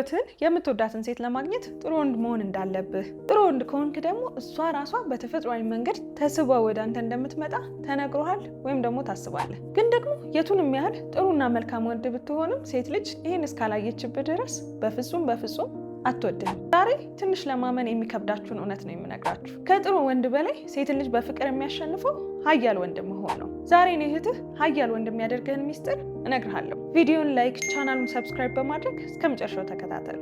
ህይወትን የምትወዳትን ሴት ለማግኘት ጥሩ ወንድ መሆን እንዳለብህ፣ ጥሩ ወንድ ከሆንክ ደግሞ እሷ ራሷ በተፈጥሯዊ መንገድ ተስቧ ወደ አንተ እንደምትመጣ ተነግሮሃል ወይም ደግሞ ታስባለህ። ግን ደግሞ የቱንም ያህል ጥሩና መልካም ወንድ ብትሆንም ሴት ልጅ ይህን እስካላየችብህ ድረስ በፍጹም በፍጹም አትወድም። ዛሬ ትንሽ ለማመን የሚከብዳችሁን እውነት ነው የምነግራችሁ። ከጥሩ ወንድ በላይ ሴትን ልጅ በፍቅር የሚያሸንፈው ሀያል ወንድ መሆን ነው። ዛሬ እህትህ ሀያል ወንድ የሚያደርግህን ሚስጥር እነግርሃለሁ። ቪዲዮን ላይክ፣ ቻናሉን ሰብስክራይብ በማድረግ እስከ መጨረሻው ተከታተሉ።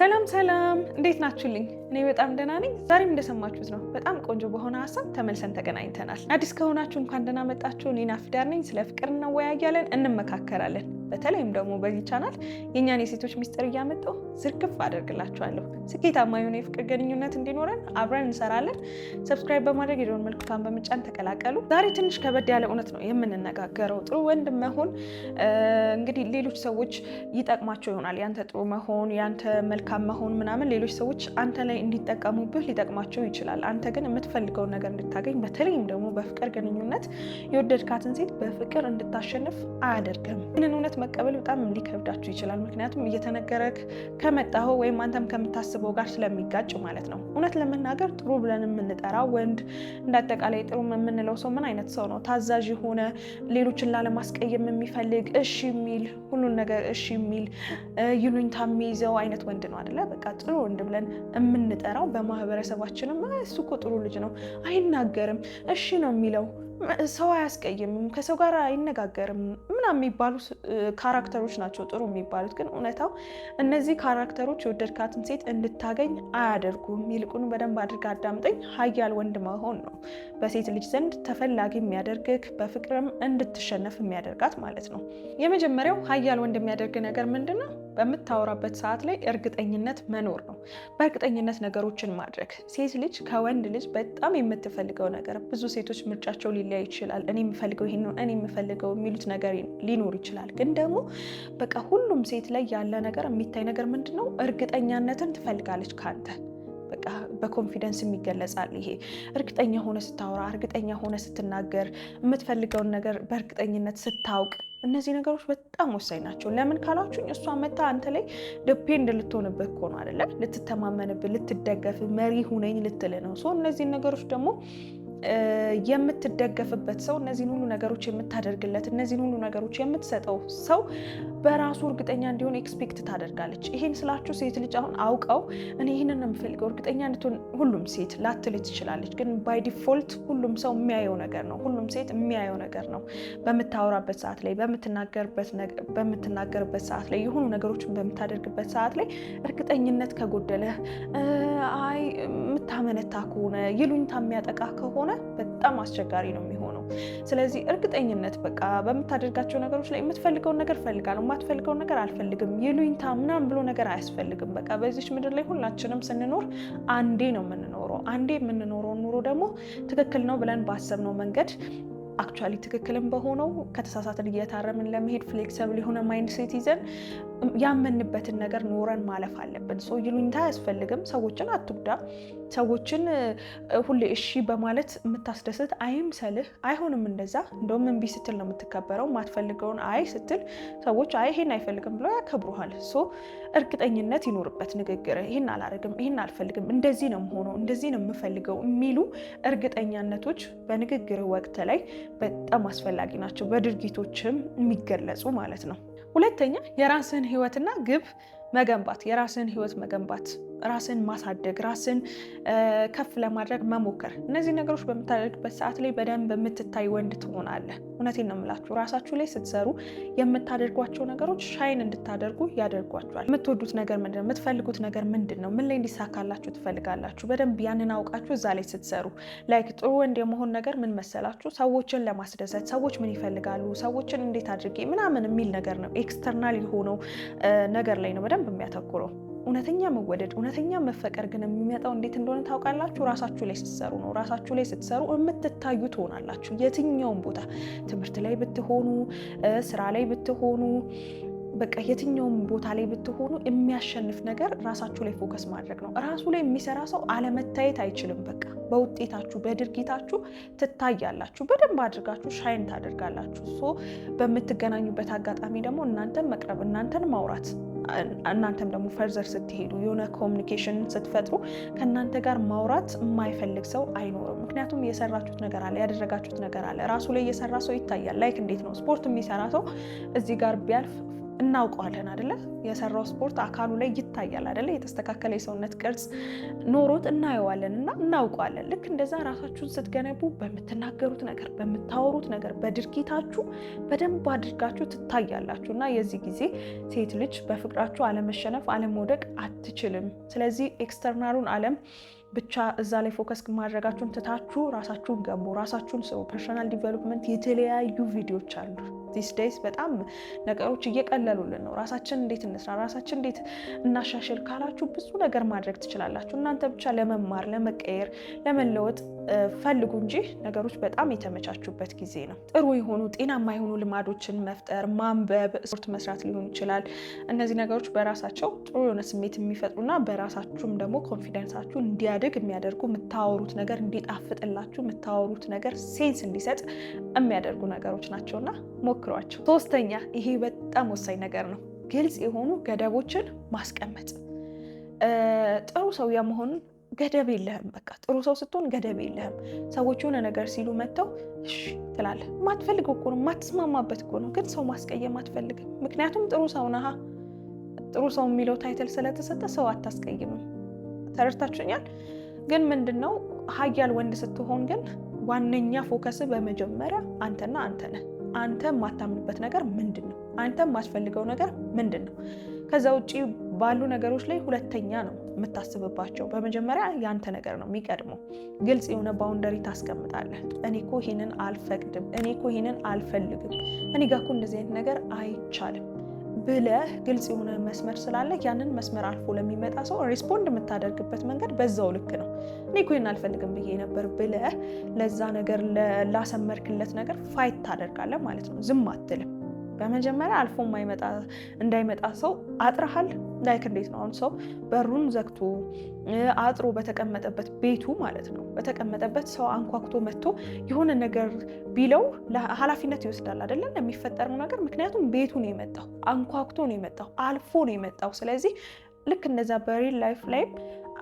ሰላም ሰላም፣ እንዴት ናችሁልኝ? እኔ በጣም ደህና ነኝ። ዛሬም እንደሰማችሁት ነው በጣም ቆንጆ በሆነ ሀሳብ ተመልሰን ተገናኝተናል። አዲስ ከሆናችሁ እንኳን ደህና መጣችሁ። እኔ ፊዳር ነኝ። ስለ ፍቅር እንወያያለን፣ እንመካከራለን በተለይም ደግሞ በዚህ ቻናል የእኛን የሴቶች ሚስጥር እያመጣሁ ዝርግፍ አደርግላችኋለሁ። ስኬታማ የሆነ የፍቅር ግንኙነት እንዲኖረን አብረን እንሰራለን። ሰብስክራይብ በማድረግ የደወል ምልክቷን በመጫን ተቀላቀሉ። ዛሬ ትንሽ ከበድ ያለ እውነት ነው የምንነጋገረው። ጥሩ ወንድ መሆን እንግዲህ ሌሎች ሰዎች ይጠቅማቸው ይሆናል። ያንተ ጥሩ መሆን፣ ያንተ መልካም መሆን ምናምን ሌሎች ሰዎች አንተ ላይ እንዲጠቀሙብህ ሊጠቅማቸው ይችላል። አንተ ግን የምትፈልገውን ነገር እንድታገኝ በተለይም ደግሞ በፍቅር ግንኙነት የወደድካትን ሴት በፍቅር እንድታሸንፍ አያደርግም። ይህንን እውነት መቀበል በጣም ሊከብዳችሁ ይችላል። ምክንያቱም እየተነገረክ ከመጣሁ ወይም አንተም ከምታስበው ጋር ስለሚጋጭ ማለት ነው። እውነት ለመናገር ጥሩ ብለን የምንጠራው ወንድ እንዳጠቃላይ ጥሩ የምንለው ሰው ምን አይነት ሰው ነው? ታዛዥ የሆነ ሌሎችን ላለማስቀየም የሚፈልግ እሺ የሚል ሁሉን ነገር እሺ የሚል ይሉኝታ የሚይዘው አይነት ወንድ ነው አደለ? በቃ ጥሩ ወንድ ብለን የምንጠራው በማህበረሰባችንም እሱ እኮ ጥሩ ልጅ ነው አይናገርም፣ እሺ ነው የሚለው ሰው አያስቀይምም፣ ከሰው ጋር አይነጋገርም ምናምን የሚባሉ ካራክተሮች ናቸው ጥሩ የሚባሉት። ግን እውነታው እነዚህ ካራክተሮች የወደድካትን ሴት እንድታገኝ አያደርጉም። ይልቁን በደንብ አድርጋ አዳምጠኝ ሀያል ወንድ መሆን ነው በሴት ልጅ ዘንድ ተፈላጊ የሚያደርግህ በፍቅርም እንድትሸነፍ የሚያደርጋት ማለት ነው። የመጀመሪያው ሀያል ወንድ የሚያደርግ ነገር ምንድን ነው? በምታወራበት ሰዓት ላይ እርግጠኝነት መኖር ነው። በእርግጠኝነት ነገሮችን ማድረግ። ሴት ልጅ ከወንድ ልጅ በጣም የምትፈልገው ነገር፣ ብዙ ሴቶች ምርጫቸው ሊለያይ ይችላል። እኔ የምፈልገው ይሄን ነው፣ እኔ የምፈልገው የሚሉት ነገር ሊኖር ይችላል። ግን ደግሞ በቃ ሁሉም ሴት ላይ ያለ ነገር የሚታይ ነገር ምንድን ነው? እርግጠኛነትን ትፈልጋለች ካንተ በቃ በኮንፊደንስ የሚገለጻል። ይሄ እርግጠኛ ሆነ ስታወራ፣ እርግጠኛ ሆነ ስትናገር፣ የምትፈልገውን ነገር በእርግጠኝነት ስታውቅ እነዚህ ነገሮች በጣም ወሳኝ ናቸው። ለምን ካላችሁኝ እሷ መታ አንተ ላይ ዲፔንድ ልትሆንብህ እኮ ነው አይደለ? ልትተማመንብህ፣ ልትደገፍ መሪ ሁነኝ ልትል ነው። እነዚህን ነገሮች ደግሞ የምትደገፍበት ሰው፣ እነዚህን ሁሉ ነገሮች የምታደርግለት፣ እነዚህን ሁሉ ነገሮች የምትሰጠው ሰው በራሱ እርግጠኛ እንዲሆን ኤክስፔክት ታደርጋለች። ይሄን ስላችሁ ሴት ልጅ አሁን አውቀው እኔ ይህንን የምፈልገው እርግጠኛ እንድትሆን ሁሉም ሴት ላትል ትችላለች፣ ግን ባይ ዲፎልት ሁሉም ሰው የሚያየው ነገር ነው። ሁሉም ሴት የሚያየው ነገር ነው። በምታወራበት ሰዓት ላይ፣ በምትናገርበት ሰዓት ላይ፣ የሆኑ ነገሮችን በምታደርግበት ሰዓት ላይ እርግጠኝነት ከጎደለህ፣ አይ የምታመነታ ከሆነ ይሉኝታ የሚያጠቃ ከሆነ በጣም አስቸጋሪ ነው የሚሆ ስለዚህ እርግጠኝነት በቃ በምታደርጋቸው ነገሮች ላይ የምትፈልገውን ነገር እፈልጋለሁ፣ የማትፈልገውን ነገር አልፈልግም፣ ይሉኝታ ምናምን ብሎ ነገር አያስፈልግም። በቃ በዚች ምድር ላይ ሁላችንም ስንኖር አንዴ ነው የምንኖረው። አንዴ የምንኖረው ኑሮ ደግሞ ትክክል ነው ብለን ባሰብነው መንገድ አክቹዋሊ ትክክልም በሆነው ከተሳሳትን እየታረምን ለመሄድ ፍሌክሰብል የሆነ ማይንድሴት ይዘን ያመንበትን ነገር ኖረን ማለፍ አለብን። ሰው ይሉኝታ አያስፈልግም። ሰዎችን አትጉዳ። ሰዎችን ሁሌ እሺ በማለት የምታስደስት አይምሰልህ። አይሆንም እንደዛ። እንደውም እምቢ ስትል ነው የምትከበረው። ማትፈልገውን አይ ስትል ሰዎች አይ ይሄን አይፈልግም ብለው ያከብሩሃል። ሶ እርግጠኝነት ይኖርበት ንግግር። ይህን አላደርግም፣ ይህን አልፈልግም፣ እንደዚህ ነው የምሆነው፣ እንደዚህ ነው የምፈልገው የሚሉ እርግጠኛነቶች በንግግር ወቅት ላይ በጣም አስፈላጊ ናቸው። በድርጊቶችም የሚገለጹ ማለት ነው። ሁለተኛ የራስህን ህይወትና ግብ መገንባት የራስህን ህይወት መገንባት ራስን ማሳደግ፣ ራስን ከፍ ለማድረግ መሞከር፣ እነዚህ ነገሮች በምታደርግበት ሰዓት ላይ በደንብ የምትታይ ወንድ ትሆናለህ። እውነቴን ነው የምላችሁ። ራሳችሁ ላይ ስትሰሩ የምታደርጓቸው ነገሮች ሻይን እንድታደርጉ ያደርጓቸዋል። የምትወዱት ነገር ምንድን ነው? የምትፈልጉት ነገር ምንድን ነው? ምን ላይ እንዲሳካላችሁ ትፈልጋላችሁ? በደንብ ያንን አውቃችሁ እዛ ላይ ስትሰሩ ላይክ ጥሩ ወንድ የመሆን ነገር ምን መሰላችሁ? ሰዎችን ለማስደሰት ሰዎች ምን ይፈልጋሉ፣ ሰዎችን እንዴት አድርጌ ምናምን የሚል ነገር ነው። ኤክስተርናል የሆነው ነገር ላይ ነው በደንብ የሚያተኩረው። እውነተኛ መወደድ እውነተኛ መፈቀር ግን የሚመጣው እንዴት እንደሆነ ታውቃላችሁ? ራሳችሁ ላይ ስትሰሩ ነው። ራሳችሁ ላይ ስትሰሩ የምትታዩ ትሆናላችሁ። የትኛውም ቦታ ትምህርት ላይ ብትሆኑ፣ ስራ ላይ ብትሆኑ፣ በቃ የትኛውም ቦታ ላይ ብትሆኑ የሚያሸንፍ ነገር ራሳችሁ ላይ ፎከስ ማድረግ ነው። ራሱ ላይ የሚሰራ ሰው አለመታየት አይችልም። በቃ በውጤታችሁ በድርጊታችሁ ትታያላችሁ። በደንብ አድርጋችሁ ሻይን ታደርጋላችሁ። ሶ በምትገናኙበት አጋጣሚ ደግሞ እናንተን መቅረብ እናንተን ማውራት እናንተም ደግሞ ፈርዘር ስትሄዱ የሆነ ኮሚኒኬሽን ስትፈጥሩ ከእናንተ ጋር ማውራት የማይፈልግ ሰው አይኖርም። ምክንያቱም የሰራችሁት ነገር አለ፣ ያደረጋችሁት ነገር አለ። ራሱ ላይ የሰራ ሰው ይታያል። ላይክ እንዴት ነው ስፖርት የሚሰራ ሰው እዚህ ጋር ቢያልፍ እናውቀዋለን አደለ? የሰራው ስፖርት አካሉ ላይ ይታያል አደለ? የተስተካከለ የሰውነት ቅርጽ ኖሮት እናየዋለን እና እናውቀዋለን። ልክ እንደዛ ራሳችሁን ስትገነቡ በምትናገሩት ነገር፣ በምታወሩት ነገር፣ በድርጊታችሁ በደንብ አድርጋችሁ ትታያላችሁ እና የዚህ ጊዜ ሴት ልጅ በፍቅራችሁ አለመሸነፍ፣ አለመውደቅ አትችልም። ስለዚህ ኤክስተርናሉን አለም ብቻ እዛ ላይ ፎከስ ማድረጋችሁን ትታችሁ ራሳችሁን ገንቡ፣ ራሳችሁን ስሩ። ፐርሶናል ዲቨሎፕመንት የተለያዩ ቪዲዮዎች አሉ። ዲስ ዴይስ በጣም ነገሮች እየቀለሉልን ነው። ራሳችን እንዴት እንስራ፣ ራሳችን እንዴት እናሻሽል ካላችሁ ብዙ ነገር ማድረግ ትችላላችሁ። እናንተ ብቻ ለመማር ለመቀየር፣ ለመለወጥ ፈልጉ እንጂ ነገሮች በጣም የተመቻቹበት ጊዜ ነው። ጥሩ የሆኑ ጤናማ የሆኑ ልማዶችን መፍጠር፣ ማንበብ፣ ስፖርት መስራት ሊሆን ይችላል። እነዚህ ነገሮች በራሳቸው ጥሩ የሆነ ስሜት የሚፈጥሩና በራሳችሁም ደግሞ ኮንፊደንሳችሁ እንዲያድግ የሚያደርጉ የምታወሩት ነገር እንዲጣፍጥላችሁ የምታወሩት ነገር ሴንስ እንዲሰጥ የሚያደርጉ ነገሮች ናቸውና ሞክሯቸው። ሶስተኛ፣ ይሄ በጣም ወሳኝ ነገር ነው፣ ግልጽ የሆኑ ገደቦችን ማስቀመጥ ጥሩ ሰው የመሆኑን ገደብ የለህም። በቃ ጥሩ ሰው ስትሆን ገደብ የለህም። ሰዎች የሆነ ነገር ሲሉ መጥተው እሺ ትላለህ። የማትፈልገው እኮ ነው፣ የማትስማማበት እኮ ነው። ግን ሰው ማስቀየም አትፈልግም። ምክንያቱም ጥሩ ሰው ነሃ። ጥሩ ሰው የሚለው ታይትል ስለተሰጠ ሰው አታስቀይምም። ተረድታችሁኛል? ግን ምንድን ነው ሀያል ወንድ ስትሆን ግን ዋነኛ ፎከስ በመጀመሪያ አንተና አንተ ነህ። አንተ የማታምንበት ነገር ምንድን ነው? አንተ የማትፈልገው ነገር ምንድን ነው? ከዛ ውጭ ባሉ ነገሮች ላይ ሁለተኛ ነው የምታስብባቸው። በመጀመሪያ ያንተ ነገር ነው የሚቀድመው። ግልጽ የሆነ ባውንደሪ ታስቀምጣለህ። እኔ እኮ ይሄንን አልፈቅድም፣ እኔ እኮ ይህንን አልፈልግም፣ እኔ ጋር እኮ እንደዚህ አይነት ነገር አይቻልም ብለህ ግልጽ የሆነ መስመር ስላለ ያንን መስመር አልፎ ለሚመጣ ሰው ሪስፖንድ የምታደርግበት መንገድ በዛው ልክ ነው። እኔ እኮ ይሄን አልፈልግም ብዬ ነበር ብለህ ለዛ ነገር ላሰመርክለት ነገር ፋይት ታደርጋለህ ማለት ነው። ዝም አትልም። በመጀመሪያ አልፎ እንዳይመጣ ሰው አጥረሃል። ላይክ እንዴት ነው አሁን ሰው በሩን ዘግቶ አጥሮ በተቀመጠበት ቤቱ ማለት ነው በተቀመጠበት ሰው አንኳኩቶ መጥቶ የሆነ ነገር ቢለው ኃላፊነት ይወስዳል አይደለም የሚፈጠረው ነገር። ምክንያቱም ቤቱ ነው የመጣው፣ አንኳኩቶ ነው የመጣው፣ አልፎ ነው የመጣው። ስለዚህ ልክ እነዛ በሪል ላይፍ ላይም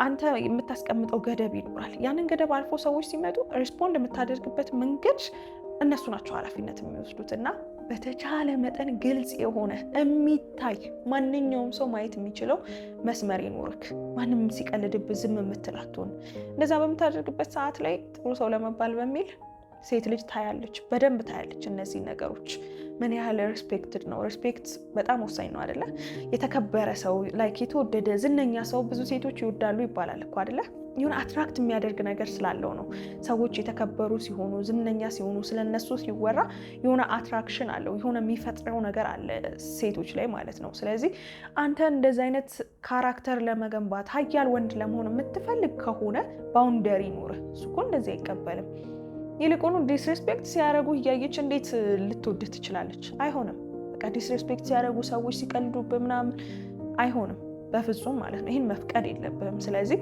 አንተ የምታስቀምጠው ገደብ ይኖራል። ያንን ገደብ አልፎ ሰዎች ሲመጡ ሪስፖንድ የምታደርግበት መንገድ እነሱ ናቸው ኃላፊነት የሚወስዱት እና በተቻለ መጠን ግልጽ የሆነ የሚታይ ማንኛውም ሰው ማየት የሚችለው መስመር ይኖርክ። ማንም ሲቀልድብ ዝም የምትል አትሆን። እንደዛ በምታደርግበት ሰዓት ላይ ጥሩ ሰው ለመባል በሚል ሴት ልጅ ታያለች፣ በደንብ ታያለች። እነዚህ ነገሮች ምን ያህል ሪስፔክትድ ነው? ሪስፔክት በጣም ወሳኝ ነው አደለ? የተከበረ ሰው ላይክ የተወደደ ዝነኛ ሰው ብዙ ሴቶች ይወዳሉ ይባላል እኮ አደለ? የሆነ አትራክት የሚያደርግ ነገር ስላለው ነው። ሰዎች የተከበሩ ሲሆኑ፣ ዝነኛ ሲሆኑ፣ ስለነሱ ሲወራ የሆነ አትራክሽን አለው፣ የሆነ የሚፈጥረው ነገር አለ ሴቶች ላይ ማለት ነው። ስለዚህ አንተ እንደዚህ አይነት ካራክተር ለመገንባት ሀያል ወንድ ለመሆን የምትፈልግ ከሆነ ባውንደሪ ይኑርህ። እሱ እኮ እንደዚህ አይቀበልም። ይልቁኑ ዲስሬስፔክት ሲያደርጉ እያየች እንዴት ልትወድህ ትችላለች? አይሆንም። በቃ ዲስሬስፔክት ሲያደርጉ ሰዎች ሲቀልዱብህ ምናምን አይሆንም። በፍጹም ማለት ነው። ይህን መፍቀድ የለብህም። ስለዚህ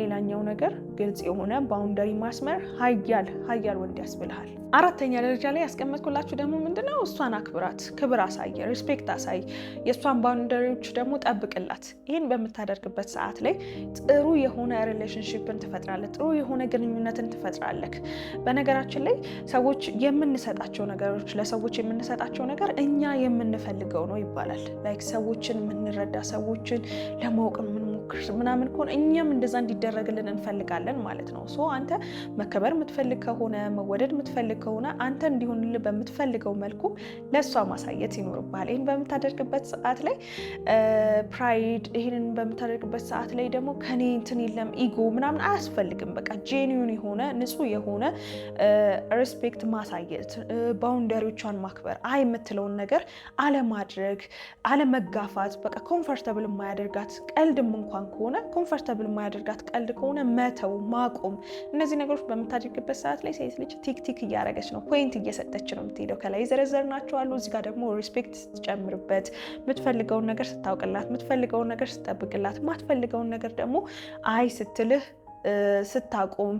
ሌላኛው ነገር ግልጽ የሆነ ባውንደሪ ማስመር ሀያል ሀያል ወንድ ያስብልሃል። አራተኛ ደረጃ ላይ ያስቀመጥኩላችሁ ደግሞ ምንድነው እሷን አክብራት፣ ክብር አሳይ፣ ሪስፔክት አሳይ፣ የእሷን ባውንደሪዎች ደግሞ ጠብቅላት። ይህን በምታደርግበት ሰዓት ላይ ጥሩ የሆነ ሪሌሽንሽፕን ትፈጥራለህ፣ ጥሩ የሆነ ግንኙነትን ትፈጥራለህ። በነገራችን ላይ ሰዎች የምንሰጣቸው ነገሮች ለሰዎች የምንሰጣቸው ነገር እኛ የምንፈልገው ነው ይባላል። ላይክ ሰዎችን የምንረዳ ሰዎችን لما وقع من እያሾፍክሽ ምናምን ከሆነ እኛም እንደዛ እንዲደረግልን እንፈልጋለን ማለት ነው። ሶ አንተ መከበር የምትፈልግ ከሆነ መወደድ የምትፈልግ ከሆነ አንተ እንዲሆንልህ በምትፈልገው መልኩ ለእሷ ማሳየት ይኖርብሃል። ይህን በምታደርግበት ሰዓት ላይ ፕራይድ፣ ይህንን በምታደርግበት ሰዓት ላይ ደግሞ ከኔ እንትን የለም ኢጎ ምናምን አያስፈልግም። በቃ ጄኒዩን የሆነ ንጹህ የሆነ ሬስፔክት ማሳየት፣ ባውንደሪዎቿን ማክበር፣ አይ የምትለውን ነገር አለማድረግ፣ አለመጋፋት፣ በቃ ኮምፈርተብል የማያደርጋት ቀልድም እንኳ እንኳን ከሆነ ኮንፈርተብል ማያደርጋት ቀልድ ከሆነ መተው ማቆም። እነዚህ ነገሮች በምታደርግበት ሰዓት ላይ ሴት ልጅ ቲክቲክ እያደረገች ነው፣ ፖይንት እየሰጠች ነው የምትሄደው። ከላይ የዘረዘርናቸው አሉ። እዚህ ጋር ደግሞ ሪስፔክት ስትጨምርበት፣ የምትፈልገውን ነገር ስታውቅላት፣ የምትፈልገውን ነገር ስትጠብቅላት፣ የማትፈልገውን ነገር ደግሞ አይ ስትልህ ስታቆም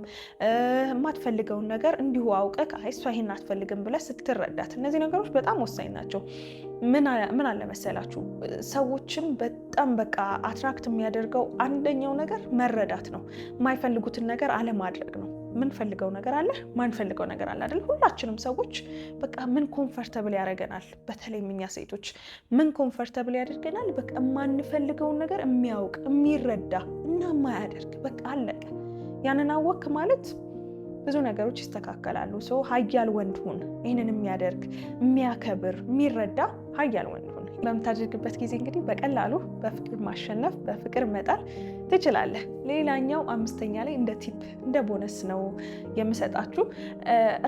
የማትፈልገውን ነገር እንዲሁ አውቀህ አይ እሷ ይሄን አትፈልግም ብለህ ስትረዳት፣ እነዚህ ነገሮች በጣም ወሳኝ ናቸው። ምን አለ መሰላችሁ ሰዎችን በጣም በቃ አትራክት የሚያደርገው አንደኛው ነገር መረዳት ነው። የማይፈልጉትን ነገር አለማድረግ ነው። ምንፈልገው ነገር አለ፣ ማንፈልገው ነገር አለ አይደል? ሁላችንም ሰዎች በቃ ምን ኮምፈርተብል ያደርገናል፣ በተለይ እኛ ሴቶች ምን ኮምፈርተብል ያደርገናል፣ በቃ የማንፈልገውን ነገር የሚያውቅ የሚረዳ እና የማያደርግ በቃ አለቀ። ያንን አወክ ማለት ብዙ ነገሮች ይስተካከላሉ። ሶ ሀያል ወንድ ሁን፣ ይህንን የሚያደርግ የሚያከብር፣ የሚረዳ ሀያል ወንድ በምታደርግበት ጊዜ እንግዲህ በቀላሉ በፍቅር ማሸነፍ በፍቅር መጣር ትችላለህ። ሌላኛው አምስተኛ ላይ እንደ ቲፕ እንደ ቦነስ ነው የምሰጣችሁ፣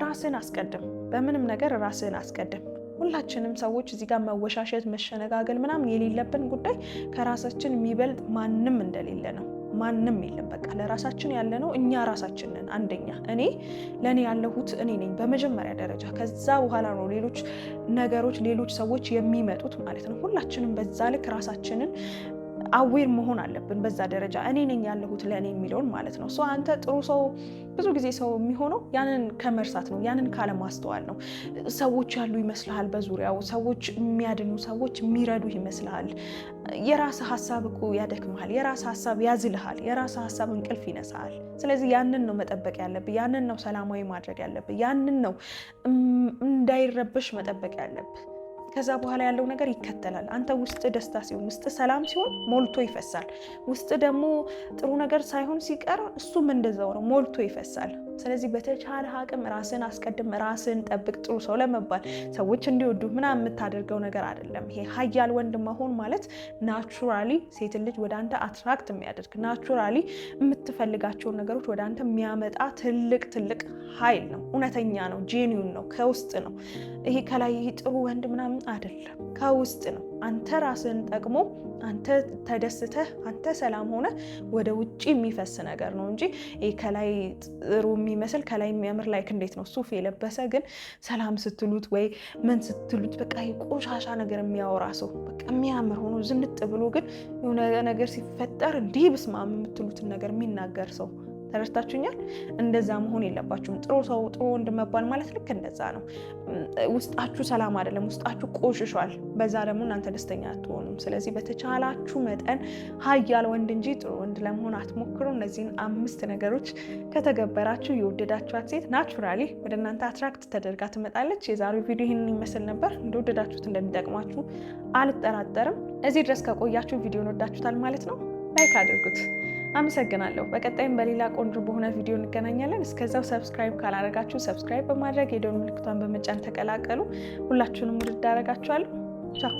ራስህን አስቀድም። በምንም ነገር ራስህን አስቀድም። ሁላችንም ሰዎች እዚህ ጋር መወሻሸት፣ መሸነጋገል ምናምን የሌለብን ጉዳይ ከራሳችን የሚበልጥ ማንም እንደሌለ ነው። ማንም የለም። በቃ ለራሳችን ያለ ነው እኛ ራሳችን አንደኛ እኔ ለእኔ ያለሁት እኔ ነኝ በመጀመሪያ ደረጃ። ከዛ በኋላ ነው ሌሎች ነገሮች፣ ሌሎች ሰዎች የሚመጡት ማለት ነው። ሁላችንም በዛ ልክ ራሳችንን አዌር መሆን አለብን። በዛ ደረጃ እኔ ነኝ ያለሁት ለእኔ የሚለውን ማለት ነው። አንተ ጥሩ ሰው ብዙ ጊዜ ሰው የሚሆነው ያንን ከመርሳት ነው፣ ያንን ካለማስተዋል ነው። ሰዎች ያሉ ይመስልሃል፣ በዙሪያው ሰዎች የሚያድኑ ሰዎች የሚረዱ ይመስልሃል። የራስ ሀሳብ እኮ ያደክመሃል፣ የራስ ሀሳብ ያዝልሃል። የራስ ሀሳብ እንቅልፍ ይነሳል። ስለዚህ ያንን ነው መጠበቅ ያለብህ፣ ያንን ነው ሰላማዊ ማድረግ ያለብህ፣ ያንን ነው እንዳይረበሽ መጠበቅ ያለብህ። ከዛ በኋላ ያለው ነገር ይከተላል። አንተ ውስጥ ደስታ ሲሆን፣ ውስጥ ሰላም ሲሆን ሞልቶ ይፈሳል። ውስጥ ደግሞ ጥሩ ነገር ሳይሆን ሲቀር እሱም እንደዛው ነው፣ ሞልቶ ይፈሳል። ስለዚህ በተቻለ አቅም ራስን አስቀድም፣ ራስን ጠብቅ። ጥሩ ሰው ለመባል ሰዎች እንዲወዱ ምናምን የምታደርገው ነገር አይደለም። ይሄ ሀያል ወንድ መሆን ማለት ናቹራሊ ሴትን ልጅ ወደ አንተ አትራክት የሚያደርግ ናቹራሊ የምትፈልጋቸውን ነገሮች ወደ አንተ የሚያመጣ ትልቅ ትልቅ ኃይል ነው። እውነተኛ ነው፣ ጄኒዩን ነው፣ ከውስጥ ነው። ይሄ ከላይ ጥሩ ወንድ ምናምን አይደለም፣ ከውስጥ ነው። አንተ ራስን ጠቅሞ አንተ ተደስተህ አንተ ሰላም ሆነ ወደ ውጭ የሚፈስ ነገር ነው እንጂ ከላይ ጥሩ የሚመስል ከላይ የሚያምር ላይክ እንዴት ነው ሱፍ የለበሰ ግን ሰላም ስትሉት ወይ ምን ስትሉት በቃ የቆሻሻ ነገር የሚያወራ ሰው በቃ የሚያምር ሆኖ ዝንጥ ብሎ ግን የሆነ ነገር ሲፈጠር እንዲህ ብስማም የምትሉትን ነገር የሚናገር ሰው ተረድታችሁኛል? እንደዛ መሆን የለባችሁም። ጥሩ ሰው ጥሩ ወንድ መባል ማለት ልክ እንደዛ ነው። ውስጣችሁ ሰላም አይደለም፣ ውስጣችሁ ቆሽሿል። በዛ ደግሞ እናንተ ደስተኛ አትሆኑም። ስለዚህ በተቻላችሁ መጠን ሀያል ወንድ እንጂ ጥሩ ወንድ ለመሆን አትሞክሩ። እነዚህን አምስት ነገሮች ከተገበራችሁ የወደዳችኋት ሴት ናቹራሊ ወደ እናንተ አትራክት ተደርጋ ትመጣለች። የዛሬው ቪዲዮ ይህንን ይመስል ነበር። እንደወደዳችሁት እንደሚጠቅማችሁ አልጠራጠርም። እዚህ ድረስ ከቆያችሁ ቪዲዮን ወዳችሁታል ማለት ነው። ላይክ አድርጉት። አመሰግናለሁ። በቀጣይም በሌላ ቆንጆ በሆነ ቪዲዮ እንገናኛለን። እስከዛው ሰብስክራይብ ካላረጋችሁ ሰብስክራይብ በማድረግ የደወል ምልክቷን በመጫን ተቀላቀሉ። ሁላችሁንም ውድድ አረጋችኋለሁ። ቻው